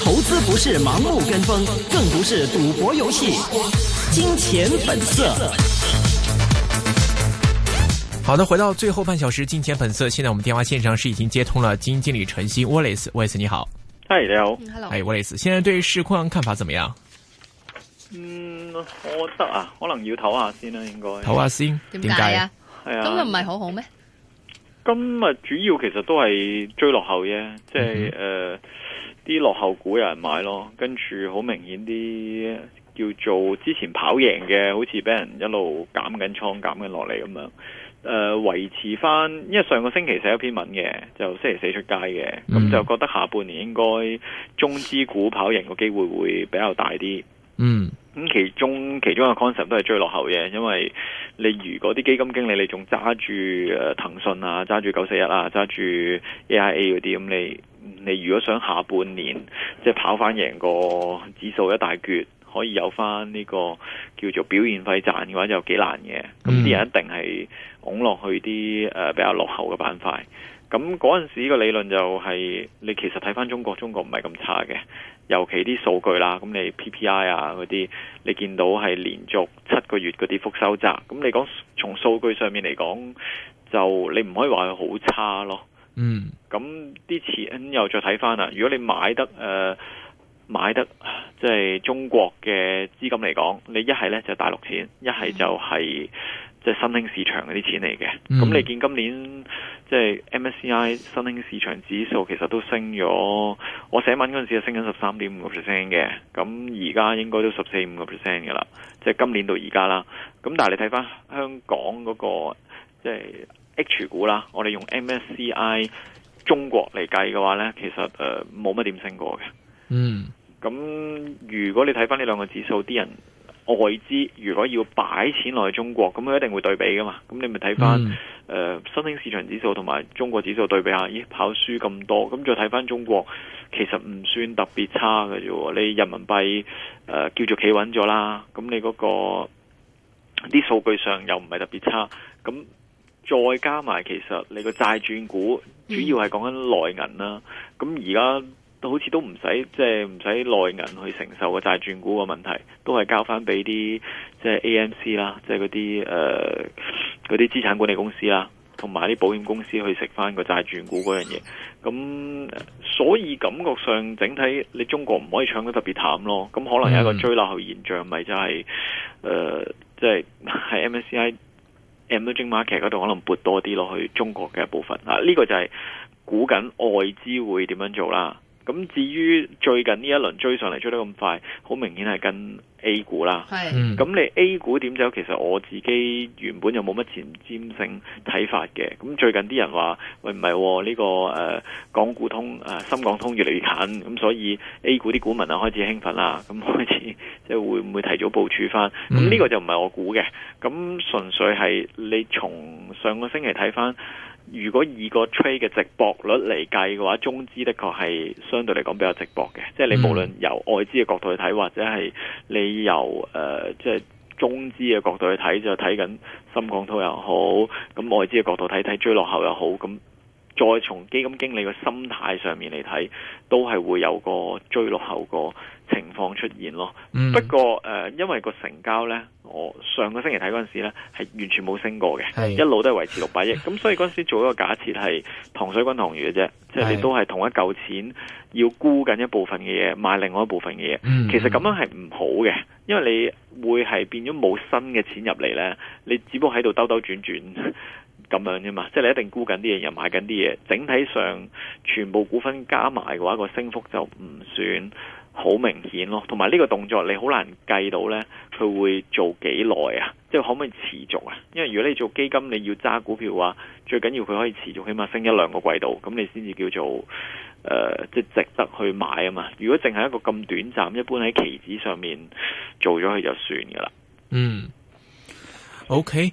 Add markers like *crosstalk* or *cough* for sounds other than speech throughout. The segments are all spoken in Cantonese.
投資不是盲目跟風，更不是賭博遊戲。金錢本色。好的，回到最後半小時，金錢本色。現在我們電話線上是已經接通了，基金經理陳曦，Wallace，Wallace 你好。嗨，你好。Hello。Wallace，現在對市況看法怎麼樣？嗯，我覺得啊，可能要唞下先啦、啊，應該。唞下先。點解啊？咁又唔係好好咩？今日主要其實都係追落後啫，即係誒啲落後股有人買咯，跟住好明顯啲叫做之前跑贏嘅，好似俾人一路減緊倉，減緊落嚟咁樣。誒、呃、維持翻，因為上個星期寫一篇文嘅，就星期四出街嘅，咁、mm hmm. 就覺得下半年應該中資股跑贏嘅機會會比較大啲。嗯、mm。Hmm. 咁其中其中嘅 concept 都係最落後嘅，因為你如果啲基金經理你仲揸住誒騰訊啊、揸住九四一啊、揸住 AIA 嗰啲，咁你你如果想下半年即係跑翻贏個指數一大橛，可以有翻呢個叫做表現費賺嘅話就幾難嘅。咁啲人一定係拱落去啲誒比較落後嘅板塊。咁嗰陣時呢個理論就係、是、你其實睇翻中國，中國唔係咁差嘅，尤其啲數據啦，咁你 PPI 啊嗰啲，你見到係連續七個月嗰啲復收窄，咁你講從數據上面嚟講，就你唔可以話佢好差咯。嗯，咁啲錢又再睇翻啦。如果你買得誒、呃、買得即係、就是、中國嘅資金嚟講，你一係呢就大陸錢，一係就係、是。Mm. 即係新興市場嗰啲錢嚟嘅，咁、嗯、你見今年即係、就是、MSCI 新興市場指數其實都升咗，我寫文嗰陣時就升緊十三點五個 percent 嘅，咁而家應該都十四五個 percent 嘅啦。即係、就是、今年到而家啦，咁但係你睇翻香港嗰、那個即係、就是、H 股啦，我哋用 MSCI 中國嚟計嘅話呢，其實誒冇乜點升過嘅。嗯，咁如果你睇翻呢兩個指數，啲人。外資如果要擺錢落去中國，咁佢一定會對比噶嘛？咁你咪睇翻誒新興市場指數同埋中國指數對比下，咦跑輸咁多？咁再睇翻中國，其實唔算特別差嘅啫。你人民幣誒、呃、叫做企穩咗啦，咁你嗰、嗰個啲數據上又唔係特別差。咁再加埋其實你個債轉股、嗯、主要係講緊內銀啦。咁而家。好似都唔使即係唔使內銀去承受個債轉股個問題，都係交翻俾啲即係 AMC 啦，即係嗰啲誒嗰啲資產管理公司啦，同埋啲保險公司去食翻個債轉股嗰樣嘢。咁所以感覺上整體你中國唔可以搶得特別淡咯。咁可能有一個追落後現象、就是，咪、呃、就係、是、誒即係喺 MSCI Emerging Market 嗰度可能撥多啲落去中國嘅一部分啊。呢、這個就係估緊外資會點樣做啦。咁至於最近呢一輪追上嚟追得咁快，好明顯係跟 A 股啦。咁是你 A 股點走？其實我自己原本又冇乜前瞻性睇法嘅。咁最近啲人話：喂，唔係喎，呢個誒、呃、港股通誒、呃、深港通越嚟越近，咁所以 A 股啲股民啊開始興奮啦，咁開始即係會唔會提早部署翻？咁呢、嗯、個就唔係我估嘅，咁純粹係你從上個星期睇翻。如果以個 trade 嘅值博率嚟計嘅話，中資的確係相對嚟講比較值博嘅，即係你無論由外資嘅角度去睇，或者係你由誒、呃、即係中資嘅角度去睇，就睇緊深港通又好，咁外資嘅角度睇睇追落後又好咁。那再從基金經理嘅心態上面嚟睇，都係會有個追落後個情況出現咯。嗯、不過誒、呃，因為個成交呢，我上個星期睇嗰陣時呢，係完全冇升過嘅，是一路都係維持六百億。咁 *laughs* 所以嗰陣時做一個假設係塘水滾塘魚嘅啫，即係是你都係同一嚿錢要沽緊一部分嘅嘢，買另外一部分嘅嘢。嗯、其實咁樣係唔好嘅，因為你會係變咗冇新嘅錢入嚟呢，你只不過喺度兜兜轉轉。 *laughs* 咁樣啫嘛，即係你一定沽緊啲嘢又買緊啲嘢，整體上全部股份加埋嘅話，個升幅就唔算好明顯咯。同埋呢個動作，你好難計到呢，佢會做幾耐啊？即係可唔可以持續啊？因為如果你做基金，你要揸股票嘅話，最緊要佢可以持續起碼升一兩個季度，咁你先至叫做誒，即係值得去買啊嘛。如果淨係一個咁短暫，一般喺期指上面做咗佢就算噶啦。嗯，OK。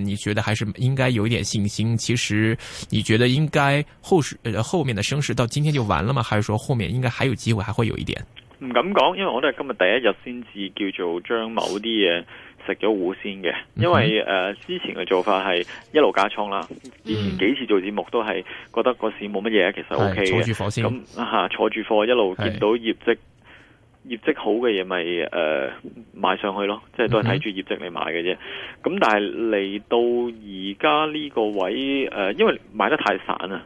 你覺得還是應該有一點信心？其實你覺得應該後市、呃、後面的升勢到今天就完了嗎？還是說後面應該還有機會，還會有一點？唔敢講，因為我都係今日第一日先至叫做將某啲嘢食咗糊先嘅，因為誒、嗯哼呃、之前嘅做法係一路加倉啦。以前幾次做節目都係覺得個市冇乜嘢，其實 OK，坐住貨先咁吓，坐住貨、啊、一路見到業績。業績好嘅嘢咪誒買上去咯，即係都係睇住業績嚟買嘅啫。咁、mm hmm. 但係嚟到而家呢個位誒、呃，因為買得太散啊，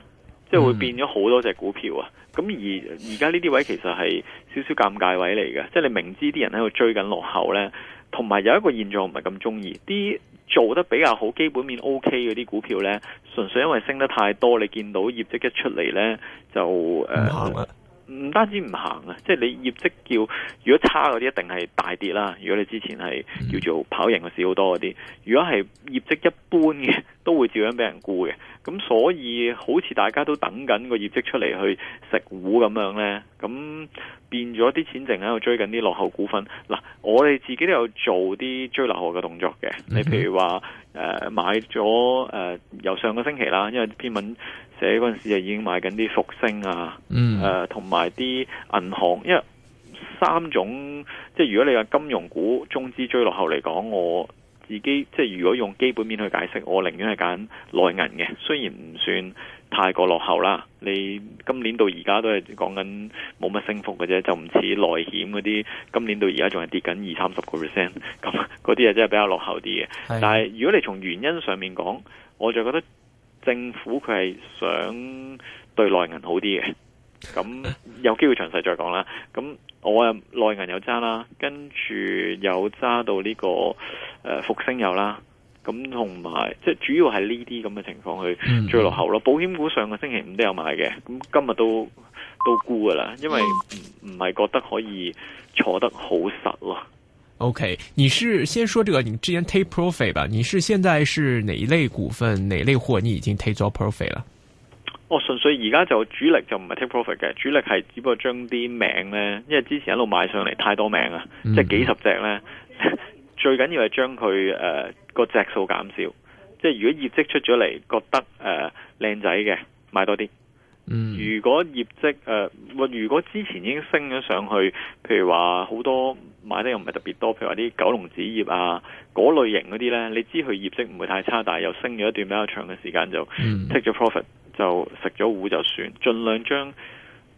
即係會變咗好多隻股票啊。咁、mm hmm. 而而家呢啲位其實係少少尷尬位嚟嘅，即係你明知啲人喺度追緊落後呢，同埋有一個現狀唔係咁中意，啲做得比較好、基本面 OK 嗰啲股票呢，純粹因為升得太多，你見到業績一出嚟呢，就誒。呃唔單止唔行啊！即係你業績叫，如果差嗰啲一定係大跌啦。如果你之前係叫做跑贏個市好多嗰啲，如果係業績一般嘅，都會照樣俾人沽嘅。咁所以好似大家都等緊個業績出嚟去食糊咁樣呢，咁變咗啲錢淨喺度追緊啲落後股份。嗱，我哋自己都有做啲追落後嘅動作嘅。嗯、哼你譬如話誒、呃、買咗、呃、由上個星期啦，因為篇文。嗰陣時就已經買緊啲復星啊，誒同埋啲銀行，因為三種即係如果你話金融股中資追落後嚟講，我自己即係如果用基本面去解釋，我寧願係揀內銀嘅，雖然唔算太過落後啦。你今年到而家都係講緊冇乜升幅嘅啫，就唔似內險嗰啲今年到而家仲係跌緊二三十個 percent，咁嗰啲啊真係比較落後啲嘅。的但係如果你從原因上面講，我就覺得。政府佢係想對內銀好啲嘅，咁有機會詳細再講啦。咁我啊內銀有揸啦，跟住有揸到呢個誒復星有啦，咁同埋即係主要係呢啲咁嘅情況去追落後咯。保險股上個星期五都有買嘅，咁今日都都沽噶啦，因為唔唔係覺得可以坐得好實咯。O、okay, K，你是先說這個，你之前 take profit 吧？你是現在是哪一類股份、哪一類貨？你已經 take 咗 profit 啦？我、哦、純粹而家就主力就唔係 take profit 嘅，主力係只不過將啲名咧，因為之前一路買上嚟太多名啊，嗯、即係幾十隻咧，最緊要係將佢誒、呃、個隻數減少。即係如果業績出咗嚟，覺得誒靚、呃、仔嘅，買多啲。嗯、如果業績誒、呃，如果之前已經升咗上去，譬如話好多買得又唔係特別多，譬如話啲九龍紙業啊，嗰類型嗰啲呢，你知佢業績唔會太差，但係又升咗一段比較長嘅時間就 take 咗 profit、嗯、就食咗糊就算，盡量將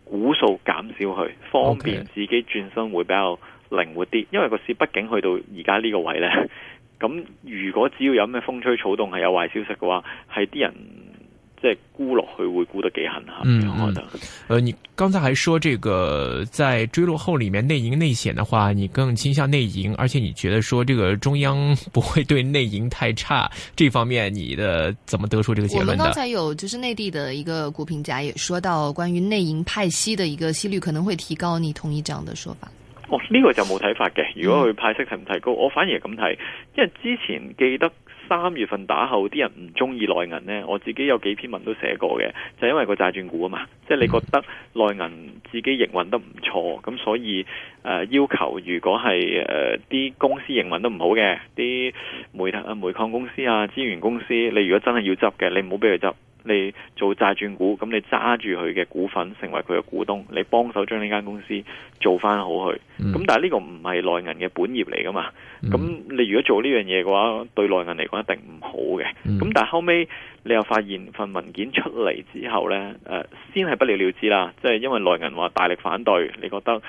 股數減少去，方便自己轉身會比較靈活啲，okay，因為個市畢竟去到而家呢個位呢。咁 *laughs* 如果只要有咩風吹草動係有壞消息嘅話，係啲人。即係沽落去會沽得幾狠吓，嗯，好的、嗯。呃，你剛才還說這個在追落後裏面內營內險的話，你更傾向內營，而且你覺得說這個中央不會對內營太差，這方面你的怎麼得出這個結論？我們剛才有就是內地的一個股評家也說到關於內營派息的一個息率可能會提高，你同意這樣的說法？哦，呢、這個就冇睇法嘅。如果佢派息提唔提高，嗯、我反而係咁睇，因為之前記得。三月份打後，啲人唔中意內銀呢。我自己有幾篇文都寫過嘅，就是、因為個債轉股啊嘛。即、就、係、是、你覺得內銀自己營運得唔錯，咁所以誒、呃、要求，如果係誒啲公司營運得唔好嘅，啲煤啊煤礦公司啊資源公司，你如果真係要執嘅，你唔好俾佢執。你做債轉股，咁你揸住佢嘅股份，成為佢嘅股東，你幫手將呢間公司做翻好去。咁、嗯、但係呢個唔係內銀嘅本業嚟噶嘛？咁、嗯、你如果做呢樣嘢嘅話，對內銀嚟講一定唔好嘅。咁、嗯、但係後尾。你又發現份文件出嚟之後呢，先係不了了之啦。即係因為內銀話大力反對，你覺得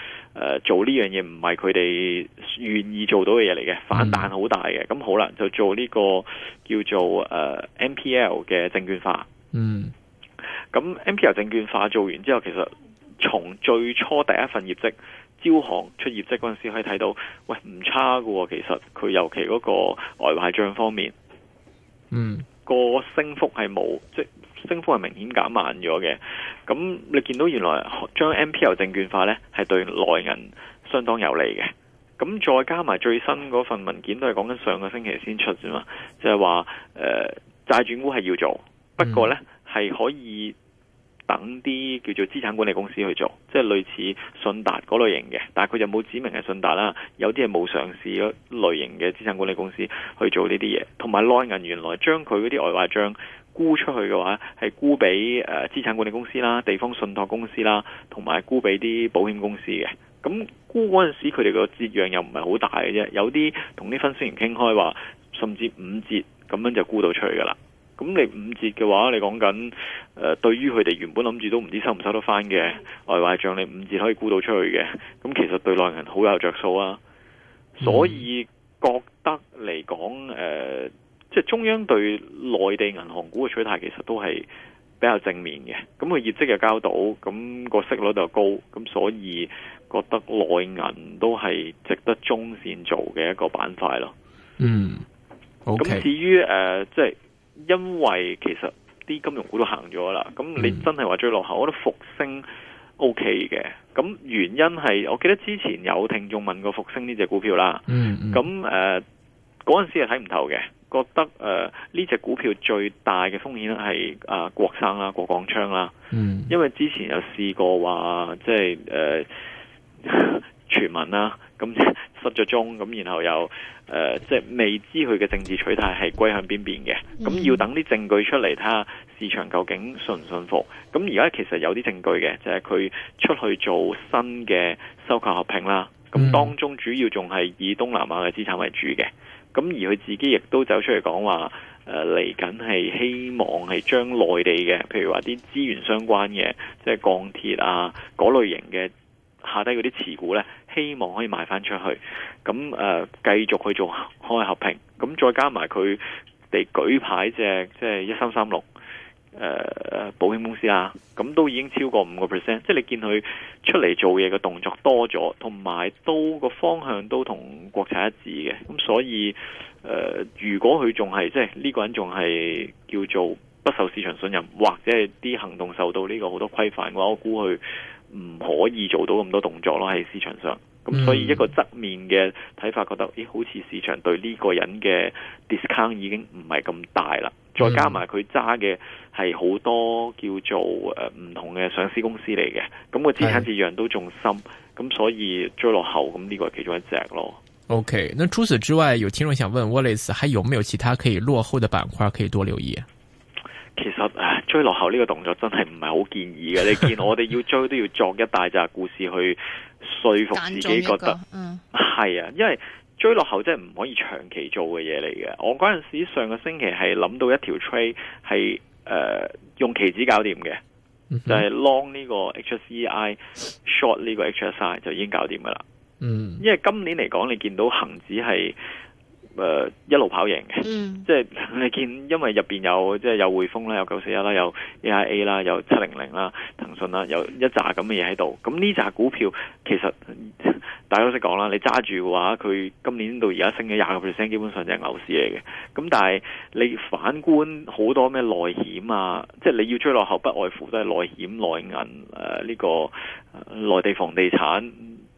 做呢樣嘢唔係佢哋願意做到嘅嘢嚟嘅，反彈好大嘅、mm. 好大嘅。咁好啦，就做呢、呢個叫做 n、uh, MPL 嘅證券化。嗯。咁 MPL 證券化做完之後，其實從最初第一份業績招行出業績嗰陣時可以睇到，喂唔差㗎喎。其實佢尤其嗰個外賣帳方面，嗯。Mm. 個升幅係冇，即升幅係明顯減慢咗嘅。咁你見到，原來將 NPL 證券化呢，係對內銀相當有利嘅。咁再加埋最新嗰份文件，都係講緊上個星期先出啫嘛，就係話債轉股係要做，不過呢係可以。等啲叫做資產管理公司去做，即係類似信達嗰類型嘅，但係佢就冇指明係信達啦。有啲係冇上市嗰類型嘅資產管理公司去做呢啲嘢，同埋內銀原來將佢嗰啲外壞帳沽出去嘅話，係沽俾誒資產管理公司啦、地方信託公司啦，同埋沽俾啲保險公司嘅。咁沽嗰陣時，佢哋個折讓又唔係好大嘅啫。有啲同啲分析員傾開話，甚至五折咁樣就沽到出去㗎啦。咁你五折嘅話，你講緊誒，對於佢哋原本諗住都唔知收唔收得翻嘅外壞賬，你五折可以估到出去嘅。咁其實對內銀好有着數啊。所以覺得嚟講，誒、呃，即係中央對內地銀行股嘅取態，其實都係比較正面嘅。咁佢業績又交到，咁個息率又高，咁所以覺得內銀都係值得中線做嘅一個板塊咯。嗯，O K。咁至於誒、呃，即係。因為其實啲金融股都行咗啦，咁你真係話追落後，我覺得復星 O K 嘅。咁原因係，我記得之前有聽眾問過復星呢隻股票啦。咁誒、嗯嗯，嗰、呃、陣時係睇唔透嘅，覺得誒呢隻股票最大嘅風險係啊郭生啦、郭廣昌啦。嗯、因為之前有試過話，即係誒傳聞啦。呃 *laughs* 咁失咗蹤，咁然後又誒、呃，即係未知佢嘅政治取態係歸向邊邊嘅。咁、嗯、要等啲證據出嚟睇下市場究竟信唔信服。咁而家其實有啲證據嘅，就係、是、佢出去做新嘅收購合併啦。咁、嗯、當中主要仲係以東南亞嘅資產為主嘅。咁而佢自己亦都走出嚟講話，誒嚟緊係希望係將內地嘅，譬如話啲資源相關嘅，即係鋼鐵啊嗰類型嘅下低嗰啲持股呢。希望可以賣翻出去，咁誒、呃、繼續去做開合平，咁再加埋佢哋舉牌隻即係一三三六誒保險公司啊，咁都已經超過五個 percent，即係你見佢出嚟做嘢嘅動作多咗，同埋都個方向都同國產一致嘅，咁所以誒、呃，如果佢仲係即係呢個人仲係叫做不受市場信任，或者係啲行動受到呢個好多規範嘅話，我估佢，唔可以做到咁多動作咯，喺市場上。咁所以一個側面嘅睇法，覺得咦、嗯，好似市場對呢個人嘅 discount 已經唔係咁大啦。嗯、再加埋佢揸嘅係好多叫做誒唔、呃、同嘅上市公司嚟嘅，咁個資產質量都仲深。咁、嗯、所以追落後，咁呢個係其中一隻咯。OK，那除此之外，有聽眾想問 Wallace，還有沒有其他可以落後嘅板塊可以多留意？其實追落後呢個動作真係唔係好建議嘅。你見我哋要追都要作一大紮故事去說服自己，覺得嗯係啊，因為追落後真係唔可以長期做嘅嘢嚟嘅。我嗰陣時上個星期係諗到一條 trade 係誒用期指搞掂嘅，嗯、哼就係 long 呢個 HSI short 呢個 HSI 就已經搞掂噶啦。嗯，因為今年嚟講，你見到恒指係。誒、uh, 一路跑贏嘅，嗯、即係你見，因為入邊有即係有匯豐啦，有九四一啦，有 AIA 啦，有七零零啦，騰訊啦，有一紮咁嘅嘢喺度。咁呢扎股票其實大家都識講啦，你揸住嘅話，佢今年到而家升咗廿個 percent，基本上就係牛市嚟嘅。咁但係你反觀好多咩內險啊，即係你要追落後，不外乎都係內險、內銀呢、呃呢個、呃、內地房地產。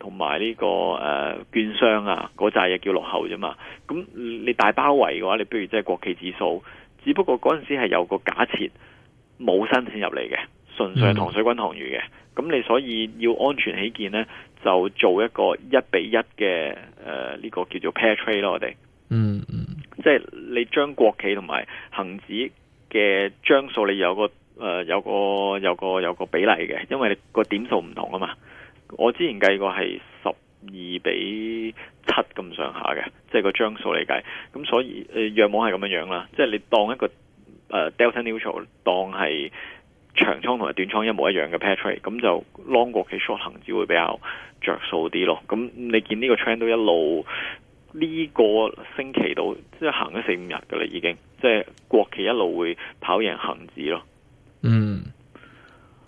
同埋呢個誒、呃、券商啊，嗰扎嘢叫落後啫嘛。咁你大包圍嘅話，你不如即係國企指數。只不過嗰陣時係有個假設冇新錢入嚟嘅，純粹係塘水滾塘魚嘅。咁、嗯、你所以要安全起見呢，就做一個一比一嘅誒呢個叫做 pair trade 咯，我哋。嗯嗯。即係你將國企同埋恒指嘅張數，你有個、呃、有個有個有個比例嘅，因為你個點數唔同啊嘛。我之前計過係十二比七咁上下嘅，即係個張數嚟計。咁所以誒，若冇係咁樣樣啦，即係你當一個誒 Delta Neutral 當係長倉同埋短倉一模一樣嘅 Pair Trade 咁就 Long 國企 Short 恆指會比較着數啲咯。咁你見呢個 trend 都一路呢個星期到，即係行咗四五日嘅啦，已經即係國企一路會跑贏恆指咯。嗯。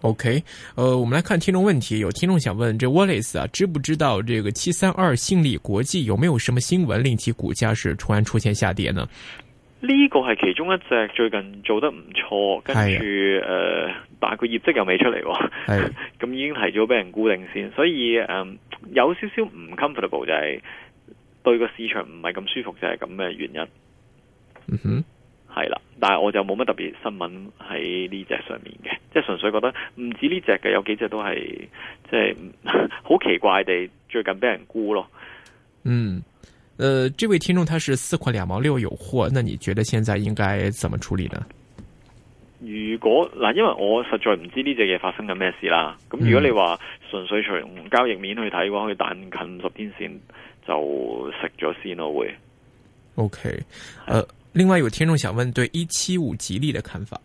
OK，呃我們來看聽眾問題，有聽眾想問，這 Wallace 啊，知不知道這個七三二信利國際有沒有什麼新聞令其股價是突然出現下跌呢？呢個係其中一隻最近做得唔錯，跟住誒，但係佢業績又未出嚟，哦，咁、啊、已經提早俾人估定先，所以誒、呃、有少少唔 comfortable 就係、是、對個市場唔係咁舒服就係咁嘅原因。嗯哼。係啦，但係我就冇乜特別新聞喺呢隻上面嘅，即、就、係、是、純粹覺得唔止呢隻嘅，有幾隻都係即係好奇怪地最近俾人沽咯。嗯，誒、呃，這位聽眾他是四塊兩毛六有貨，那你覺得現在應該怎麼處理呢？如果嗱、呃，因為我實在唔知呢隻嘢發生緊咩事啦，咁如果你話純粹從交易面去睇嘅話，佢彈近五十天綫就食咗先咯會。O K，誒。另外有聽眾想問對一七五吉利嘅看法，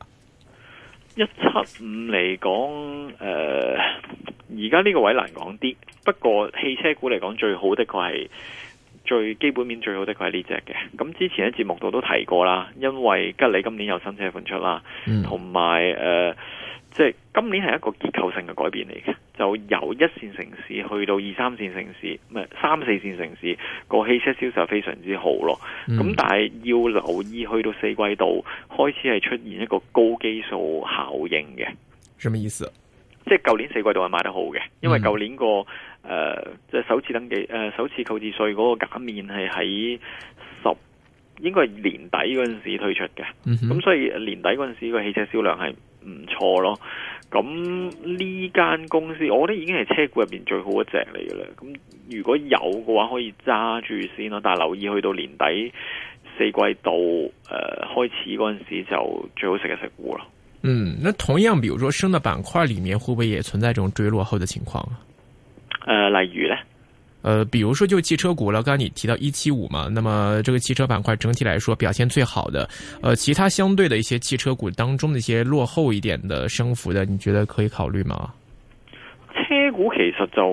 一七五嚟講，誒而家呢個位難講啲，不過汽車股嚟講最好的確係最基本面最好的確係呢隻嘅。咁之前喺節目度都提過啦，因為吉利今年有新車款出啦，同埋誒。即係今年係一個結構性嘅改變嚟嘅，就由一線城市去到二三線城市，唔係三四線城市，個汽車銷售非常之好咯。咁，嗯，但係要留意去到四季度開始係出現一個高基數效應嘅。什麼意思？即係舊年四季度係賣得好嘅，因為舊年個誒，即係首次登記誒，首次購置稅嗰個減免係喺十應該係年底嗰陣時推出嘅。咁，嗯，哼所以年底嗰陣時個汽車銷量係。唔錯咯，咁呢間公司，我覺得已經係車股入邊最好一隻嚟嘅啦。咁如果有嘅話，可以揸住先咯。但係留意去到年底四季度，誒開始嗰陣時就最好食嘅食股咯。嗯，那同樣，比如說升嘅板塊裏面，會不會也存在這種追落後的情況啊？例、嗯、如呢。呃，比如說就汽車股啦，剛剛你提到一七五嘛，那麼這個汽車板塊整體來說表現最好的，呃，其他相對的一些汽車股當中那些落後一點的升幅的，你覺得可以考慮嗎？車股其實就，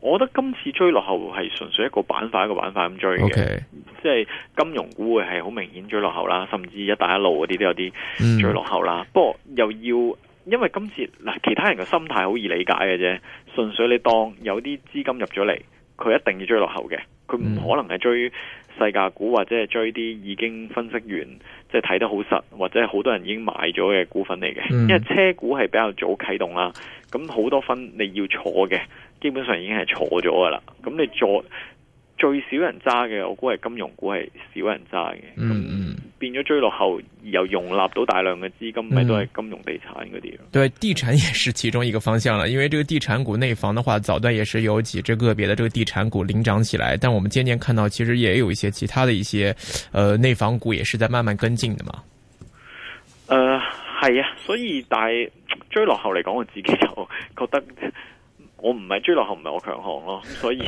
我覺得今次追落後係純粹一個板塊一個板塊咁追嘅，Okay. 即係金融股會係好明顯追落後啦，甚至一帶一路嗰啲都有啲追落後啦。嗯、不過又要因為今次嗱，其他人嘅心態好易理解嘅啫，純粹你當有啲資金入咗嚟。佢一定要追落後嘅，佢唔可能係追細價股或者係追啲已經分析完，即係睇得好實或者係好多人已經買咗嘅股份嚟嘅。因為車股係比較早啟動啦，咁好多分你要坐嘅，基本上已經係坐咗㗎喇，咁你坐。最少人揸嘅，我估係金融股係少人揸嘅，嗯，變咗追落後又容納到大量嘅資金，咪、嗯、都係金融地產嗰啲。對，地產也是其中一個方向啦，因為這個地產股內房的話，早段也是有幾隻個別的這個地產股領漲起來，但我們漸漸看到其實也有一些其他的一些，呃，內房股也是在慢慢跟進的嘛。呃係啊，所以但係追落後嚟講，我自己就覺得。我唔係追落後，唔係我強項咯，所以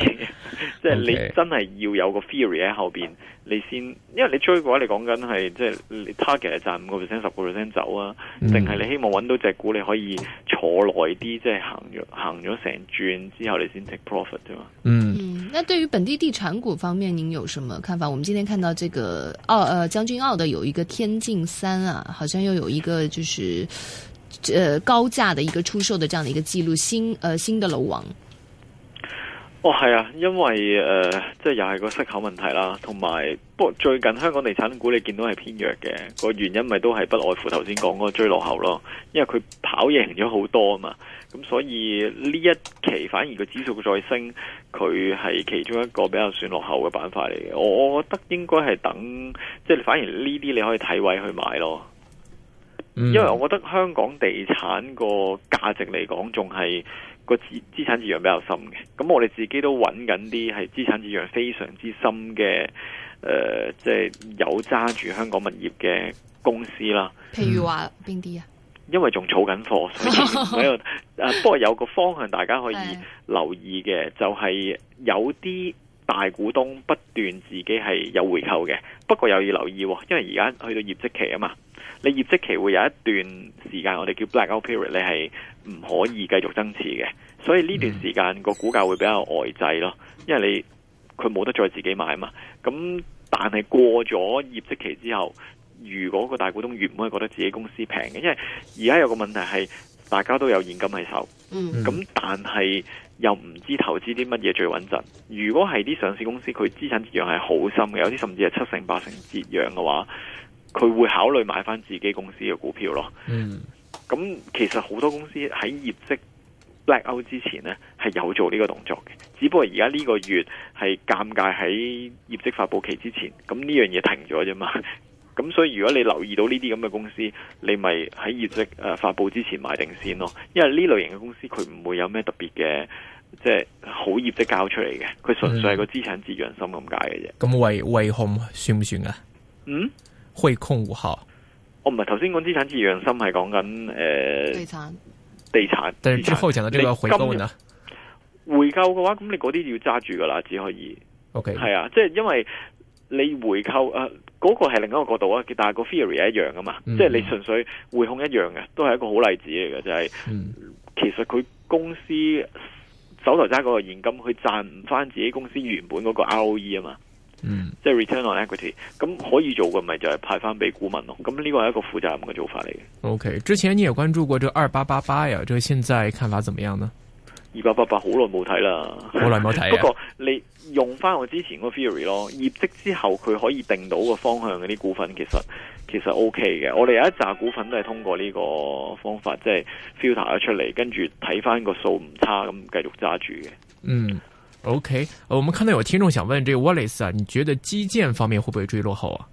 即係 *laughs* Okay. 你真係要有個 theory 喺後面。你先，因為你追嘅話，你講緊係即係你 target 係賺五個 percent、十個 percent 走啊，定係、嗯、你希望揾到隻股你可以坐耐啲，即、就、係、是、行行咗成轉之後，你先 take profit，對嘛？嗯，嗯那對於本地地產股方面，您有什麼看法？我哋今天看到這個澳、哦，呃，將軍澳的有一個天境三啊，好像又有一個就是。誒，高價的一個出售的這樣的一個記錄，新誒、呃、新的樓王。哦，係啊，因為誒、呃，即係又係個息口問題啦，同埋不過最近香港地產股你見到係偏弱嘅，個原因咪都係不外乎頭先講嗰追落後咯，因為佢跑贏咗好多啊嘛，咁所以呢一期反而個指數再升，佢係其中一個比較算落後嘅板塊嚟嘅，我覺得應該係等，即係反而呢啲你可以睇位去買咯。因為我覺得香港地產個價值嚟講，仲係個資資產質量比較深嘅。咁我哋自己都揾緊啲係資產質量非常之深嘅，誒、呃，即、就、係、是、有揸住香港物業嘅公司啦。譬如話邊啲啊？因為仲儲緊貨，所以 *laughs* 不過有個方向大家可以留意嘅，就係、是、有啲大股東不斷自己係有回購嘅。不過又要留意、哦，因為而家去到業績期啊嘛。你業績期會有一段時間，我哋叫 blackout period，你係唔可以繼續增持嘅。所以呢段時間個股價會比較呆滯咯，因為你佢冇得再自己買嘛。咁但係過咗業績期之後，如果個大股東原本係覺得自己公司平嘅，因為而家有個問題係大家都有現金喺手，咁但係又唔知投資啲乜嘢最穩陣。如果係啲上市公司佢資產折讓係好深嘅，有啲甚至係七成八成折讓嘅話，佢會考慮買翻自己公司嘅股票咯。嗯，咁其實好多公司喺業績 Blackout 之前呢，係有做呢個動作嘅。只不過而家呢個月係尷尬喺業績發佈期之前，咁呢樣嘢停咗啫嘛。咁所以如果你留意到呢啲咁嘅公司，你咪喺業績誒、呃、發佈之前買定先咯。因為呢類型嘅公司佢唔會有咩特別嘅，即係好業績交出嚟嘅，佢純粹係個資產資源心咁解嘅啫。咁維維控算唔算噶？嗯。匯控五號，我唔係頭先講資產自養心係講緊誒，呃、地產地產，地產，但係之後講到呢個回購呢？回購嘅話，咁你嗰啲要揸住噶啦，只可以，OK，係啊，即係因為你回購誒，呃嗰個係另一個角度啊，但係個 theory 係一樣噶嘛，嗯、即係你純粹匯控一樣嘅，都係一個好例子嚟嘅，就係、是，其實佢公司、嗯、手頭揸嗰個現金，佢賺唔翻自己公司原本嗰個 ROE 啊嘛。嗯，即係 return on equity，咁可以做嘅咪就係派翻俾股民咯，咁呢個係一個負責任嘅做法嚟嘅。OK，之前你有關注過這二八八八呀？就現在看法怎麼樣呢？二八八八好耐冇睇啦，好耐冇睇。 *laughs* *laughs* 不過你用翻我之前個 theory 咯，業績之後佢可以定到個方向嘅啲股份其實，其實其實 OK 嘅。我哋有一紮股份都係通過呢個方法即係、就是、filter 咗出嚟，跟住睇翻個數唔差咁繼續揸住嘅。嗯。O K，呃，我們看到有聽眾想問，這個 Wallace 啊，你覺得基建方面會不會追落後啊？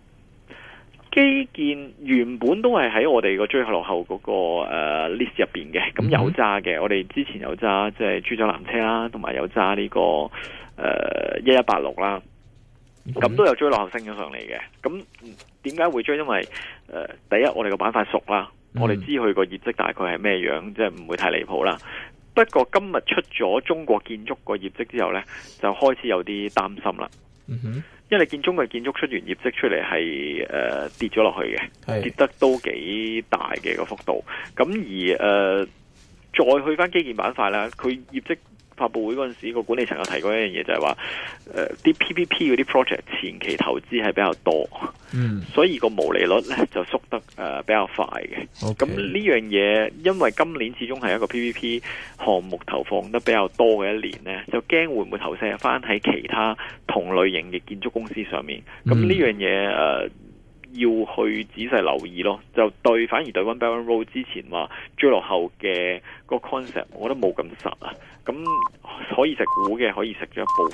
基建原本都係喺我哋個追落後嗰個誒 list 入邊嘅，咁有揸嘅，mm hmm. 我哋之前有揸，即係珠江纜車啦，同埋有揸呢個誒一一八六啦，咁、呃 mm hmm. 都有追落後升咗上嚟嘅。咁點解會追？因為誒、呃，第一我哋個板塊熟啦，我哋知佢個業績大概係咩樣，mm hmm. 即係唔會太離譜啦。不過今日出咗中國建築個業績之後呢，就開始有啲擔心啦。因為見中國建築出完業績出嚟係誒跌咗落去嘅，是的 跌得都幾大嘅個幅度。咁而誒、呃、再去翻基建板塊咧，佢業績。發佈會嗰陣時，個管理層有提過一樣嘢，就係話，誒，啲 P P P 嗰啲 project 前期投資係比較多，嗯，所以個毛利率咧就縮得誒、呃、比較快嘅。咁呢樣嘢，因為今年始終係一個、PP、P P P 項目投放得比較多嘅一年咧，就驚會唔會投射翻喺其他同類型嘅建築公司上面。咁呢樣嘢誒。要去仔細留意咯，就對，反而對 One Belt One Road 之前話追落後嘅個 concept，我覺得冇咁實啊。咁可以食股嘅，可以食咗一部分。